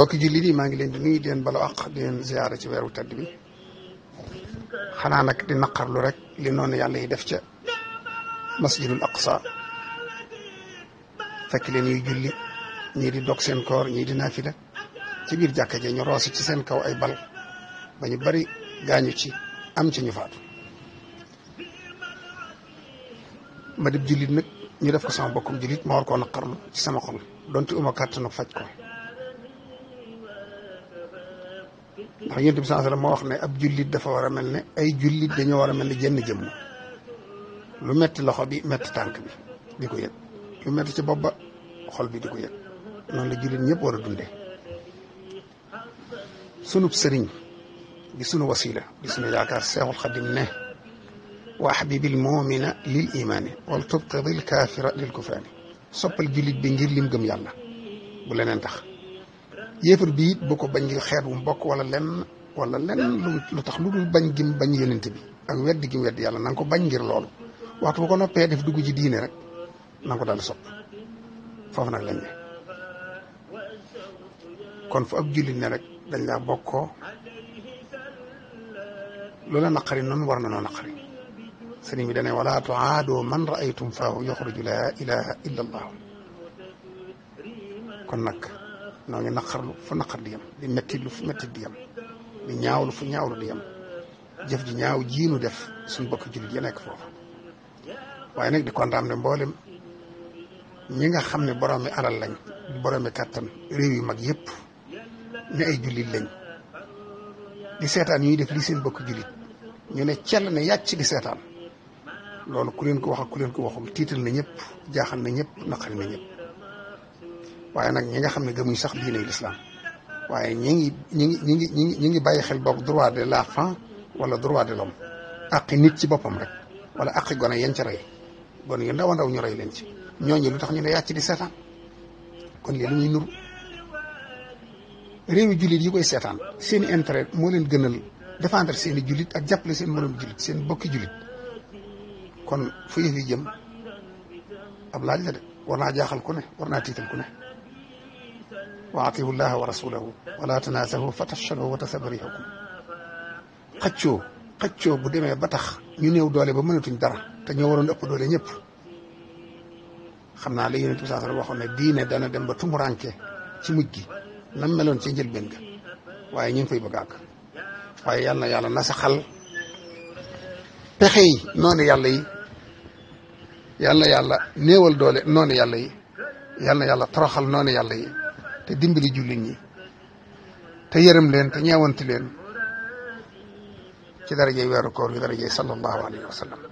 bokki jullit yi maa ngi leen di nuyu di leen bala àq di leen ziyaara ci weeru tedd bi xanaa nag di naqarlu rek li noonu yàlla yi def ca masjidul aqsa fekk leen ñuy julli ñii di dog seen koor ñii di naafila ci biir jàkka ji ñu roosi ci seen kaw ay bal ba ñu bari gaañu ci am ci ñu faatu ma dib jullit nag ñu def ko sama bokkum jullit ma war koo naqarlu ci sama xol donte uma kàttanu faj ko ndax yonent bi sallallahu alayhi moo wax ne ab jullit dafa war a mel ne ay jullit dañoo war a mel ne jenn jëmm lu metti loxo bi metti tànk bi di ko yëg lu metti ci bopp ba xol bi di ko yëg noonu la jullit ñëpp war a dundee sunub sëriñ di sunu wasila di sunu yaakaar seexul xadim ne wa ahbibil mu'mina lil imaani wal tubqidil kaafira lil kufraani soppal jullit bi ngir lim gëm yàlla bu leneen tax yéefar bi it bu ko bañ xeet wu mbokk wala lenn wala lenn lu tax lu dul bañ gim bañ yonent bi ak weddi gim weddi yàlla na ko bañ ngir loolu waxtu bu ko noppee def dugg ci diine rek na ko daal sopp foofu nag lañ kon fo ab jullit ne rek dañ laa bokkoo loola naqari noonu war na noo naqari sëriñ bi dane wala tuaadoo man raaytum faahu yaxruju laa ilaha illa allah kon nag noo ngi naqarlu fu naqar di yem di metti lu fu mettit di yem di ñaawlu fu ñaawlu di yem jëf ji ñaaw jiinu def suñ bokk jullit ya nekk foofu waaye nag di ne mboolem ñi nga xam ne boroomi alal lañ boroomi kàttan réew yu mag yëpp ne ay jullit lañ di seetaan ñuy def li seen bokk jullit ñu ne cell ne yàcc di seetaan loolu ku leen ko wax ku leen ko waxul tiital na ñëpp jaaxal na ñëpp naqari na ñëpp waaye nag ñi nga xam ne gëmuñ sax diine lislaam waaye ñi ngi ñi ngi ñi ngi ñi ngi bàyyi xel boog droit de l'enfant wala droit de l'homme aqi nit ci boppam rek wala aqi gone yéen ca rey gone yu ndaw ndaw ñu leen ci ñooñu lu tax ñu ne yàcc di seetaan kon léegi ñuy nuru réewi jullit yi koy seetaan seen i moo leen gënal défendre seen i jullit ak jàppale seen moroom jullit seen bokki jullit kon fu yëf yi jëm ab laaj la de war naa jaaxal ku ne war naa tiital ku ne. wa atiu llaha wa rasulahu wala tanaasahu fa tafshalu wa tasabari hukum xëccoo xëccoo bu demee ba tax ñu néew doole ba mënatuñ dara te ñoo waroon ëpp doole ñëpp xam naa la yonent bi saa sallam waxoon ne diine dem ba tumuranke ci mujj gi nam meloon ci njëlbeen ga waaye ñu ngi fay ba àgg waaye yal na yàlla na sa xal pexe yi yàlla yi yal na yàlla néewal doole noonu yàlla yi na yàlla toroxal noonu yàlla yi te dimbali jullit ñi te yërëm leen te ñeewanti leen ci darajey weeru koor gi darajey sallallahu alayhi wa sallam